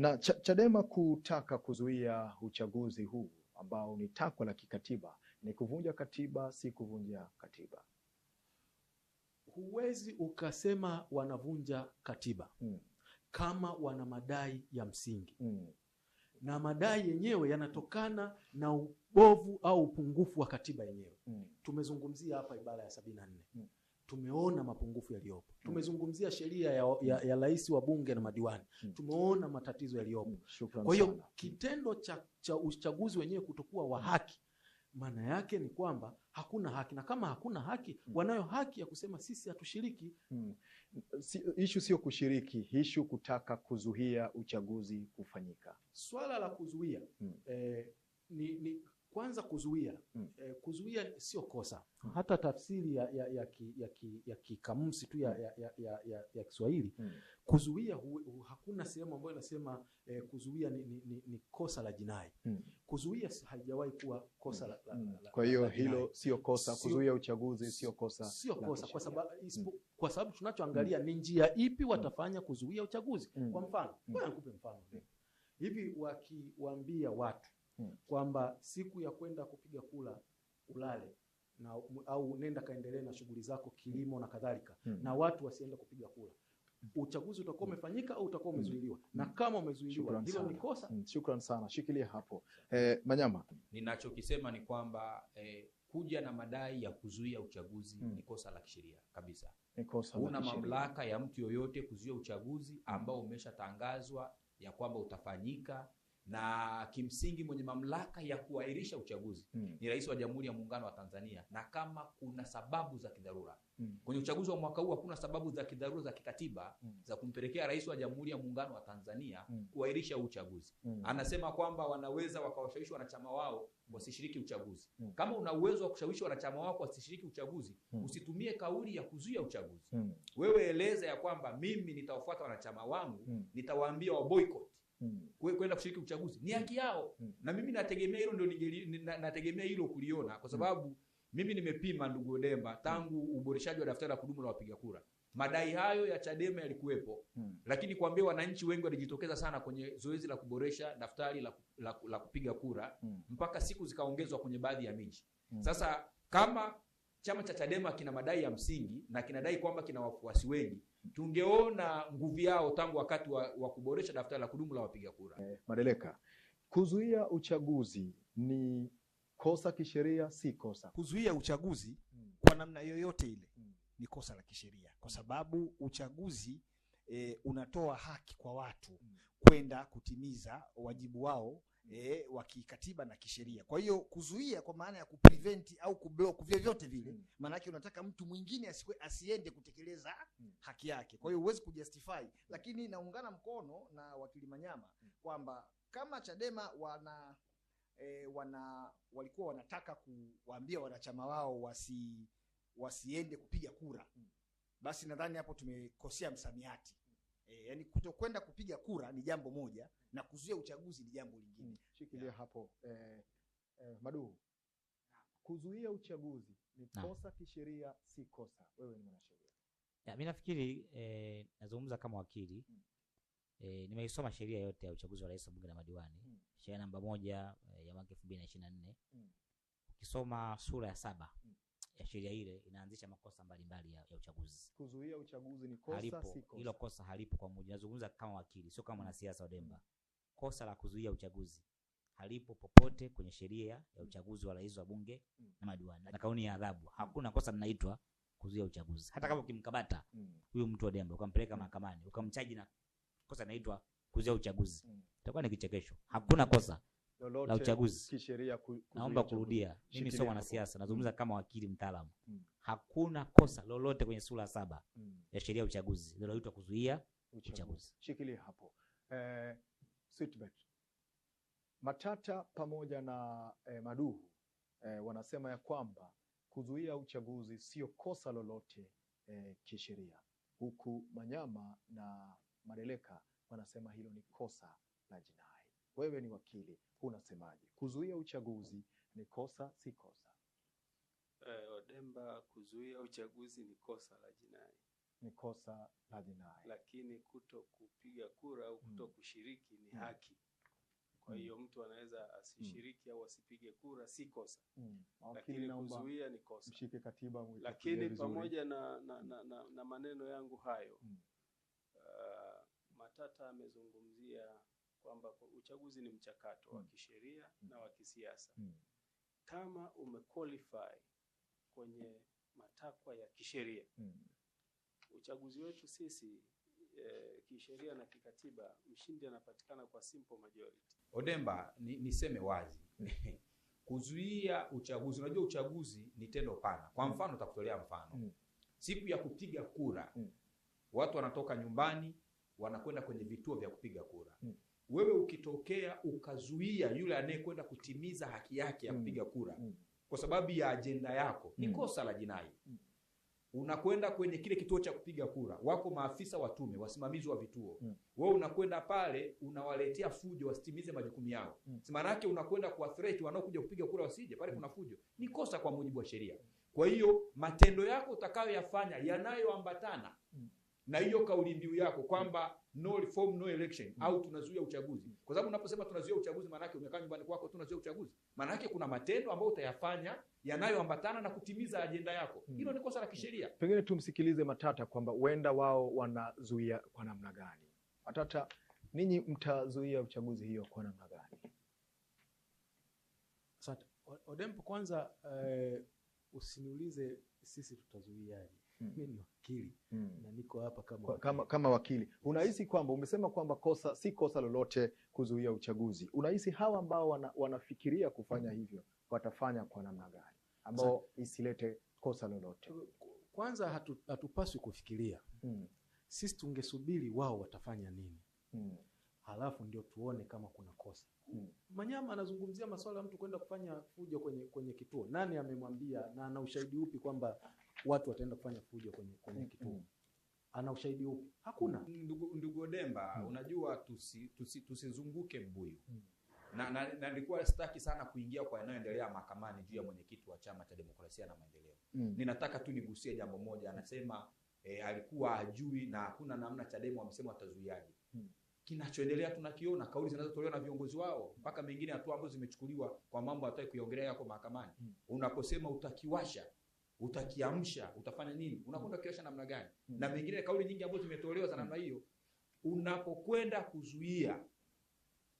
Na ch Chadema kutaka kuzuia uchaguzi huu ambao ni takwa la kikatiba ni kuvunja katiba, si kuvunja katiba. Huwezi ukasema wanavunja katiba hmm, kama wana madai ya msingi hmm, na madai yenyewe yanatokana na ubovu au upungufu wa katiba yenyewe hmm. Tumezungumzia hapa ibara ya sabini na nne hmm, tumeona mapungufu yaliyopo Tumezungumzia sheria ya, ya, ya rais wa bunge na madiwani hmm. Tumeona matatizo yaliyopo. Hmm. Kwa hiyo hmm. kitendo cha, cha uchaguzi wenyewe kutokuwa wa haki maana yake ni kwamba hakuna haki, na kama hakuna haki, hmm. wanayo haki ya kusema sisi hatushiriki. Hmm. Si, ishu sio kushiriki, ishu kutaka kuzuia uchaguzi kufanyika. Swala la kuzuia hmm. eh, ni, ni kwanza kuzuia mm. Eh, kuzuia sio kosa mm. Hata tafsiri ya ya ya ki, ya, ki, ya kikamusi tu ya ya, ya, ya, ya, ya Kiswahili mm. Kuzuia hu, hu, hakuna sehemu ambayo inasema eh, kuzuia ni, ni, ni, ni kosa la jinai mm. Kuzuia haijawahi kuwa kosa mm. la, la, la, kwa hiyo hilo sio kosa sio, kuzuia uchaguzi sio kosa sio kosa kwa sababu mm. Kwa sababu tunachoangalia mm. ni njia ipi mm. watafanya kuzuia uchaguzi mm. Kwa mfano mm. kwa Nikupe mfano mm. hivi wakiwaambia watu Hmm. kwamba siku ya kwenda kupiga kula ulale na, au nenda kaendelee na shughuli zako kilimo na kadhalika hmm. na watu wasienda kupiga kula hmm. uchaguzi utakuwa hmm. umefanyika au utakuwa umezuiliwa mm. na kama umezuiliwa hilo ni kosa mm. Shukran sana, shikilia hapo eh, Manyama. Ninachokisema ni kwamba eh, kuja na madai ya kuzuia uchaguzi mm. ni kosa la kisheria kabisa. Huna mamlaka ya mtu yoyote kuzuia uchaguzi ambao umeshatangazwa ya kwamba utafanyika na kimsingi mwenye mamlaka ya kuahirisha uchaguzi mm. ni Rais wa Jamhuri ya Muungano wa Tanzania, na kama kuna sababu za kidharura mm. kwenye uchaguzi wa mwaka huu hakuna sababu za kidharura za kikatiba mm. za kumpelekea Rais wa Jamhuri ya Muungano wa Tanzania mm. kuahirisha uchaguzi mm. anasema kwamba wanaweza wakawashawishi wanachama wao hmm. wasishiriki uchaguzi mm. Kama una uwezo wa kushawishi wanachama wako wasishiriki uchaguzi mm. usitumie kauli ya kuzuia uchaguzi mm. Wewe eleza ya kwamba mimi nitawafuata wanachama wangu mm. nitawaambia wa boycott mm. kwenda kushiriki uchaguzi ni haki hmm. yao mm. na mimi nategemea hilo ndio nategemea hilo kuliona kwa hmm. sababu mm. mimi nimepima ndugu Odemba tangu hmm. uboreshaji wa daftari la kudumu la wapiga kura madai hayo ya Chadema yalikuwepo mm. lakini kuambia wananchi wengi walijitokeza sana kwenye zoezi la kuboresha daftari la, la, la kupiga kura mm. mpaka siku zikaongezwa kwenye baadhi ya miji mm. Sasa kama chama cha Chadema kina madai ya msingi na kinadai kwamba kina wafuasi wengi tungeona nguvu yao tangu wakati wa, wa kuboresha daftari la kudumu la wapiga kura. Eh, Madeleka, kuzuia uchaguzi ni kosa kisheria? Si kosa kuzuia uchaguzi hmm, kwa namna yoyote ile hmm, ni kosa la kisheria kwa sababu uchaguzi eh, unatoa haki kwa watu hmm, kwenda kutimiza wajibu wao e, wa kikatiba na kisheria. Kwa hiyo kuzuia kwa maana ya kuprevent au kublock vyovyote vile, hmm. maana yake unataka mtu mwingine asikwe, asiende kutekeleza hmm. haki yake. Kwa hiyo huwezi kujustify, hmm. lakini naungana mkono na wakili Manyama kwamba kama Chadema wana e, wana walikuwa wanataka kuwaambia wanachama wao wasi wasiende kupiga kura, basi nadhani hapo tumekosea msamiati E, yani kutokwenda kupiga kura ni jambo moja na kuzuia uchaguzi ni jambo lingine. Mm, Shikilia hapo eh, eh, Madu. Kuzuia uchaguzi ni kosa kisheria, si kosa? Wewe ni mwanasheria. Mimi nafikiri eh, nazungumza kama wakili hmm. Eh, nimeisoma sheria yote ya uchaguzi wa rais wa bunge na madiwani hmm. sheria namba moja eh, ya mwaka elfu mbili na ishirini na nne mm. ukisoma sura ya saba hmm ya sheria ile inaanzisha makosa mbalimbali mbali ya, ya uchaguzi. Kuzuia uchaguzi ni kosa, halipo, si kosa. Hilo kosa halipo kwa mujibu, nazungumza kama wakili, sio kama mwanasiasa wa Demba. Kosa la kuzuia uchaguzi halipo popote kwenye sheria ya mm. uchaguzi wa rais wa bunge mm. na madiwani na kauni ya adhabu. Hakuna kosa linaitwa kuzuia uchaguzi. Hata kama ukimkabata mm. huyu mtu wa Demba ukampeleka mahakamani ukamchaji na kosa linaitwa kuzuia uchaguzi, itakuwa ni kichekesho. Hakuna kosa la uchaguzi. Naomba kurudia, mimi sio mwanasiasa, nazungumza mm. kama wakili mtaalamu. Mm. Hakuna kosa lolote kwenye sura saba mm. ya sheria ya uchaguzi linaloitwa kuzuia uchaguzi. Shikilia hapo. Eh, Sitbet. Matata pamoja na eh, Maduhu eh, wanasema ya kwamba kuzuia uchaguzi sio kosa lolote eh, kisheria, huku Manyama na Madeleka wanasema hilo ni kosa la jinai. Wewe ni wakili, unasemaje? Kuzuia uchaguzi ni kosa, si kosa? Eh, Odemba, kuzuia uchaguzi ni kosa la jinai, ni kosa la jinai, lakini kuto kupiga kura au kuto mm. kushiriki ni mm. haki. Kwa hiyo mm. mtu anaweza asishiriki mm. au asipige kura, si kosa mm. lakini kuzuia ni kosa. Mshike katiba, lakini pamoja na, na, mm. na, na, na maneno yangu hayo mm. uh, Matata amezungumzia kwamba uchaguzi ni mchakato wa mm. kisheria na mm. wa kisiasa. Mm. Kama umequalify kwenye matakwa ya kisheria, uchaguzi wetu sisi E, kisheria na kikatiba mshindi anapatikana kwa simple majority. Odemba, ni, niseme wazi kuzuia uchaguzi, unajua uchaguzi ni tendo pana. Kwa mfano utakutolea mfano mm. siku ya kupiga kura mm. watu wanatoka nyumbani wanakwenda kwenye vituo vya kupiga kura mm wewe ukitokea ukazuia yule anayekwenda kutimiza haki yake ya kupiga mm. kura mm. kwa sababu ya ajenda yako mm. ni kosa la jinai mm. Unakwenda kwenye kile kituo cha kupiga kura, wako maafisa wa tume, wasimamizi wa vituo mm. wewe unakwenda pale, unawaletea fujo wasitimize majukumu yao mm. si maana yake unakwenda kuwa threat wanaokuja kupiga kura wasije pale, mm. kuna fujo, ni kosa kwa mujibu wa sheria. Kwa hiyo matendo yako utakayoyafanya yanayoambatana na hiyo kauli mbiu yako kwamba no reform no election mm. au tunazuia uchaguzi, kwa sababu unaposema tunazuia uchaguzi, maana yake umekaa nyumbani kwako, tunazuia uchaguzi, maana yake kuna matendo ambayo utayafanya yanayoambatana na kutimiza ajenda yako. Mm. Hilo ni kosa la kisheria. Mm. Pengine tumsikilize Matata kwamba huenda wao wanazuia kwa namna gani. Matata, ninyi mtazuia uchaguzi hiyo kwa namna gani? Sasa Odempo. Kwanza eh, usiniulize sisi tutazuiaje Mm. mimi ni wakili mm. na niko hapa kama wakili. Kama, kama wakili unahisi kwamba umesema kwamba kosa si kosa lolote kuzuia uchaguzi, unahisi hawa ambao wana, wanafikiria kufanya mm. hivyo watafanya kwa namna gani ambao isilete kosa lolote? Kwanza hatu, hatupaswi kufikiria mm. sisi tungesubiri wao watafanya nini mm. halafu ndio tuone kama kuna kosa mm. Manyama anazungumzia masuala ya mtu kwenda kufanya fujo kwenye, kwenye kituo. Nani amemwambia na ana ushahidi upi kwamba watu wataenda kufanya fujo kwenye, kwenye mm-hmm. kituo mm -hmm. ana ushahidi upi? Hakuna. Ndugu, ndugu Demba mm -hmm. unajua tusizunguke tusi, tusi mbuyu mm -hmm. na, na, na nilikuwa sitaki sana kuingia kwa yanayoendelea mahakamani juu ya mm-hmm. mwenyekiti wa Chama cha Demokrasia na Maendeleo mm -hmm. ninataka tu nigusie jambo moja, anasema e, alikuwa ajui na hakuna namna Chadema wamesema watazuiaje mm -hmm kinachoendelea tunakiona, kauli zinazotolewa na viongozi wao, mpaka mengine hatua ambazo zimechukuliwa kwa mambo hataki kuiongelea yako mahakamani. Mm-hmm. Unaposema utakiwasha utakiamsha, utafanya nini, unakwenda hmm. kiasha namna gani? mm na mengine kauli nyingi ambazo zimetolewa za hmm. namna hiyo, unapokwenda kuzuia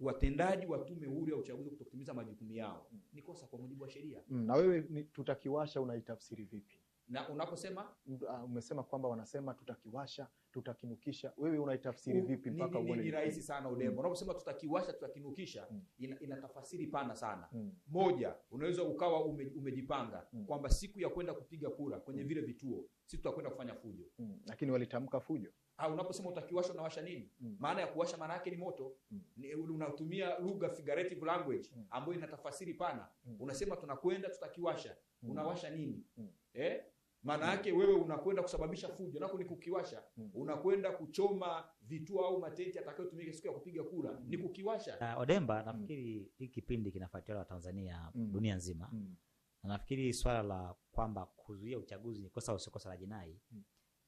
watendaji wa tume huru ya uchaguzi kutotimiza majukumu yao mm. ni kosa kwa mujibu wa sheria mm. na wewe tutakiwasha unaitafsiri vipi? na unaposema ah, umesema kwamba wanasema tutakiwasha tutakinukisha, wewe unaitafsiri vipi? Mpaka uone ni rahisi sana udemo mm. unaposema tutakiwasha, tutakinukisha mm. ina, ina tafasiri pana sana mm. Moja, unaweza ukawa ume, umejipanga mm. kwamba siku ya kwenda kupiga kura kwenye mm. vile vituo si tutakwenda kufanya fujo mm. lakini walitamka fujo ah unaposema utakiwasha unawasha nini? mm. maana ya kuwasha maana yake ni moto mm. ni, unatumia lugha figurative language mm. ambayo ina tafasiri pana mm. unasema tunakwenda tutakiwasha, mm. unawasha nini? mm. eh? Maana yake wewe unakwenda kusababisha fujo, nako ni kukiwasha. hmm. Unakwenda kuchoma vituo au matenti atakayotumika siku ya kupiga kura, hmm. ni kukiwasha. Uh, Odemba, hmm. nafikiri hmm. hii kipindi kinafuatiliwa na Tanzania hmm. dunia nzima hmm. na nafikiri swala la kwamba kuzuia uchaguzi ni kosa usikosa la jinai hmm.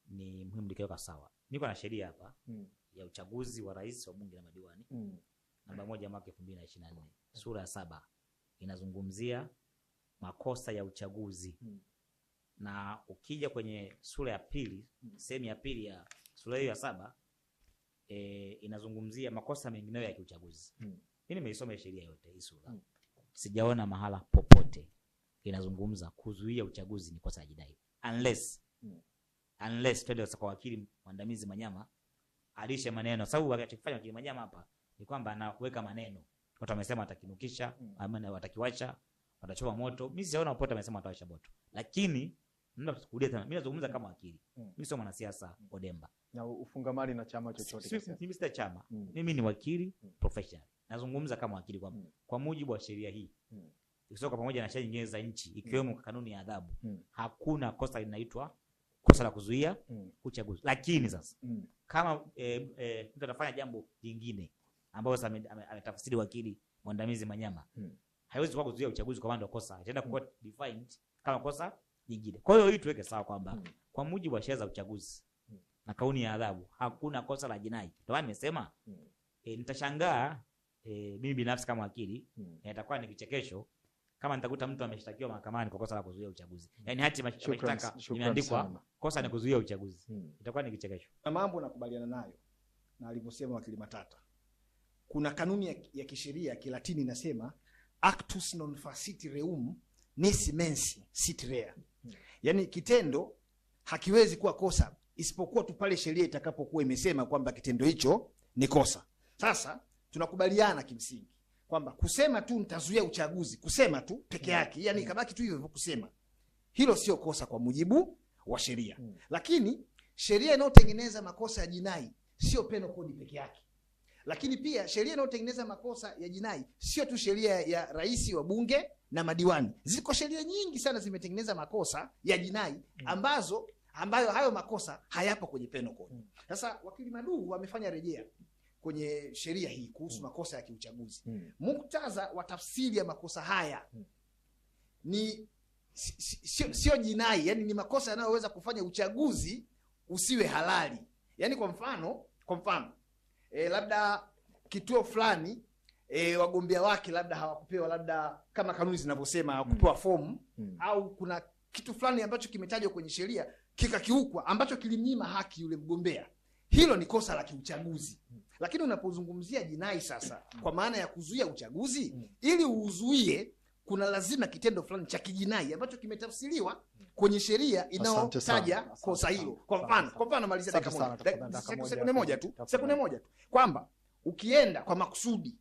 ni muhimu likiweka sawa. Niko na sheria hapa hmm. ya uchaguzi wa rais wa bunge na madiwani hmm. namba moja mwaka 2024 sura ya saba inazungumzia makosa ya uchaguzi hmm na ukija kwenye sura ya pili sehemu ya pili ya sura hiyo ya saba e, inazungumzia makosa mengineyo ya kiuchaguzi. Mm. Mimi nimeisoma sheria yote hii sura. Mm. Sijaona mahala popote inazungumza kuzuia uchaguzi ni kosa jidai. Unless mm. unless twende kwa wakili mwandamizi Manyama alishe maneno, sababu atakifanya wakili Manyama hapa ni kwamba anaweka maneno. Watu wamesema watakinukisha, mm. ama watakiwacha, watachoma moto. Mimi sijaona popote wamesema watawasha moto. Lakini mna kusukudia tena. Mimi nazungumza mm. kama wakili. Mm. Mimi sio mwanasiasa Odemba. Mm. Na ufungamani na chama chochote. Mimi sita chama. Mimi ni wakili mm. professional. Nazungumza kama wakili kwa mm. kwa mujibu wa sheria hii. mm. Ikisoka pamoja na sheria nyingine za nchi ikiwemo mm. kanuni ya adhabu. mm. Hakuna kosa linaitwa kosa la kuzuia mm. uchaguzi. Lakini sasa mm. kama eh, eh, mtu anafanya jambo jingine ambayo sasa ametafsiri wakili mwandamizi Manyama, mm. haiwezi kuwa kuzuia uchaguzi kwa maana ndio kosa. Itaenda kuwa defined kama kosa jingine. Kwa hiyo hii tuweke sawa kwamba mm. kwa mujibu wa sheria za uchaguzi mm. na kauni ya adhabu hakuna kosa la jinai. Ndio nimesema mm. e, nitashangaa e, mimi binafsi kama wakili mm. e, itakuwa ni kichekesho kama nitakuta mtu ameshtakiwa mahakamani kwa kosa la kuzuia uchaguzi. Hmm. Yaani hati mashtaka imeandikwa kosa ni kuzuia uchaguzi. Hmm. Itakuwa ni kichekesho. Na mambo nakubaliana nayo na alivyosema wakili Matata. Kuna kanuni ya, ya kisheria ya Kilatini inasema actus non facit reum nisi mensi sit rea. Yaani kitendo hakiwezi kuwa kosa isipokuwa tu pale sheria itakapokuwa imesema kwamba kitendo hicho ni kosa. Sasa tunakubaliana kimsingi kwamba kusema tu nitazuia uchaguzi, kusema tu peke mm. yake, yani mm. ikabaki tu hivyo kusema, hilo sio kosa kwa mujibu wa sheria mm. Lakini sheria inayotengeneza makosa ya jinai sio penal code peke yake, lakini pia sheria inayotengeneza makosa ya jinai sio tu sheria ya rais wa bunge na madiwani. Ziko sheria nyingi sana zimetengeneza makosa ya jinai mm. ambazo ambayo hayo makosa hayapo kwenye penal code. Mm. Sasa wakili Maduhu wamefanya rejea kwenye sheria hii kuhusu mm. makosa ya kiuchaguzi. Muktadha wa tafsiri ya makosa haya ni sio si jinai, yani ni makosa yanayoweza kufanya uchaguzi usiwe halali. Yani kwa mfano, kwa mfano e, labda kituo fulani e, wagombea wake labda hawakupewa labda kama kanuni zinavyosema hawakupewa mm. fomu mm. au kuna kitu fulani ambacho kimetajwa kwenye sheria kikakiukwa ambacho kilimnyima haki yule mgombea, hilo ni kosa la kiuchaguzi. Hmm. Lakini unapozungumzia jinai sasa, hmm. kwa maana ya kuzuia uchaguzi, hmm. ili uuzuie, kuna lazima kitendo fulani cha kijinai ambacho kimetafsiriwa kwenye sheria inayotaja kosa hilo. Kwa mfano, kwa mfano, malizia dakika moja, sekunde moja tu, sekunde moja tu, kwamba ukienda kwa makusudi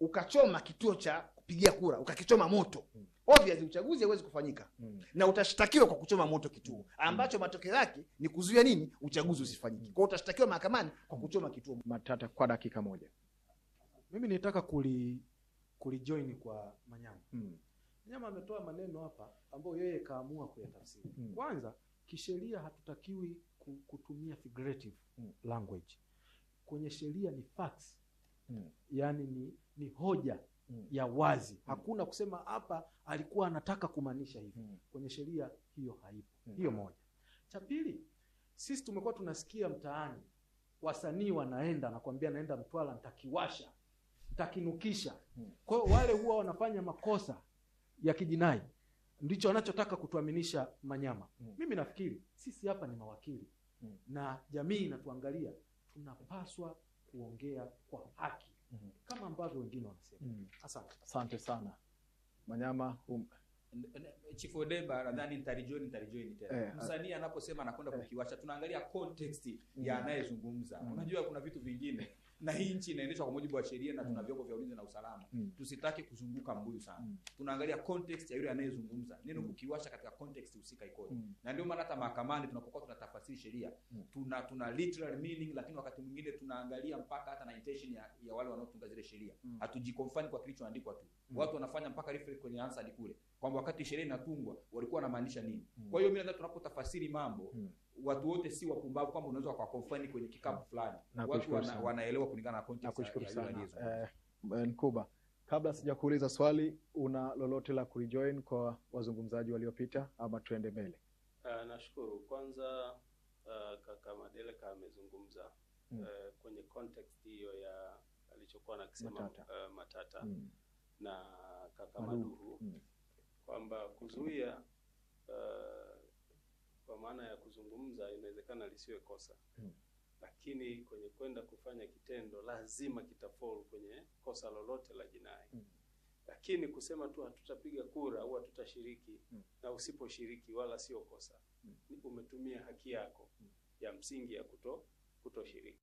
ukachoma kituo cha kupigia kura ukakichoma moto hmm. Obviously uchaguzi hauwezi kufanyika mm. na utashtakiwa kwa kuchoma moto kituo hmm. ambacho matokeo yake ni kuzuia nini uchaguzi usifanyike. Kwa utashtakiwa mahakamani kwa kuchoma kituo. Matata, kwa dakika moja, mimi nitaka kuli kulijoin kwa Manyama mm. Manyama ametoa maneno hapa ambayo yeye kaamua kuyatafsiri mm. Kwanza kisheria hatutakiwi kutumia figurative mm. language kwenye sheria ni facts mm. yani ni, ni hoja mm. ya wazi mm. hakuna kusema hapa alikuwa anataka kumaanisha hivi mm. kwenye sheria hiyo haipo mm. hiyo moja. Cha pili, sisi tumekuwa tunasikia mtaani wasanii wanaenda nakwambia, naenda mtwala nitakiwasha nitakinukisha. Mm. Kwa hiyo wale huwa wanafanya makosa ya kijinai, ndicho wanachotaka kutuaminisha manyama mm. Mimi nafikiri sisi hapa ni mawakili mm. na jamii inatuangalia, tunapaswa kuongea kwa haki mm -hmm. kama ambavyo wengine wanasema mm -hmm. Asante, asante sana Manyama um... chifodeba nadhani ntarijoni ntarijoni tena. Eh, msanii anaposema anakwenda eh. kukiwasha, tunaangalia context mm. ya anayezungumza. Mm. Unajua kuna vitu vingine na hii nchi inaendeshwa kwa mujibu wa sheria na tuna mm. vyombo vya ulinzi na usalama mm. Tusitake kuzunguka mbuyu sana mm. Tunaangalia context ya yule anayezungumza neno mm. Kukiwasha katika context husika ikoje mm. Na ndio maana hata mahakamani tunapokuwa tunatafasiri sheria mm. tuna tuna literal meaning, lakini wakati mwingine tunaangalia mpaka hata na intention ya, ya wale wanaotunga zile sheria mm. Hatujikonfani kwa kilichoandikwa tu mm. Watu wanafanya mpaka reference kwenye answer kule kwamba wakati sheria inatungwa walikuwa wanamaanisha nini mm. Kwa hiyo mimi nadhani tunapotafasiri mambo mm watu wote si wapumbavu kwamba unaweza wakakonfani kwenye kikapu fulani. Watu wana, wanaelewa kulingana na context. Nakushukuru sana eh, eh, Nkuba, kabla sija kuuliza swali, una lolote la kurejoin kwa wazungumzaji waliopita ama tuende mbele? Uh, nashukuru kwanza. Uh, kaka Madeleka amezungumza mm. uh, kwenye context hiyo ya alichokuwa nakisema Matata, uh, Matata. Mm. na kaka Maduhu mm. Hmm. kwamba kuzuia uh, kwa maana ya kuzungumza inawezekana lisiwe kosa hmm. Lakini kwenye kwenda kufanya kitendo lazima kitafolu kwenye kosa lolote la jinai hmm. Lakini kusema tu hatutapiga kura au hatutashiriki hmm. Na usiposhiriki wala sio kosa hmm. Umetumia haki yako hmm. ya msingi ya kuto kutoshiriki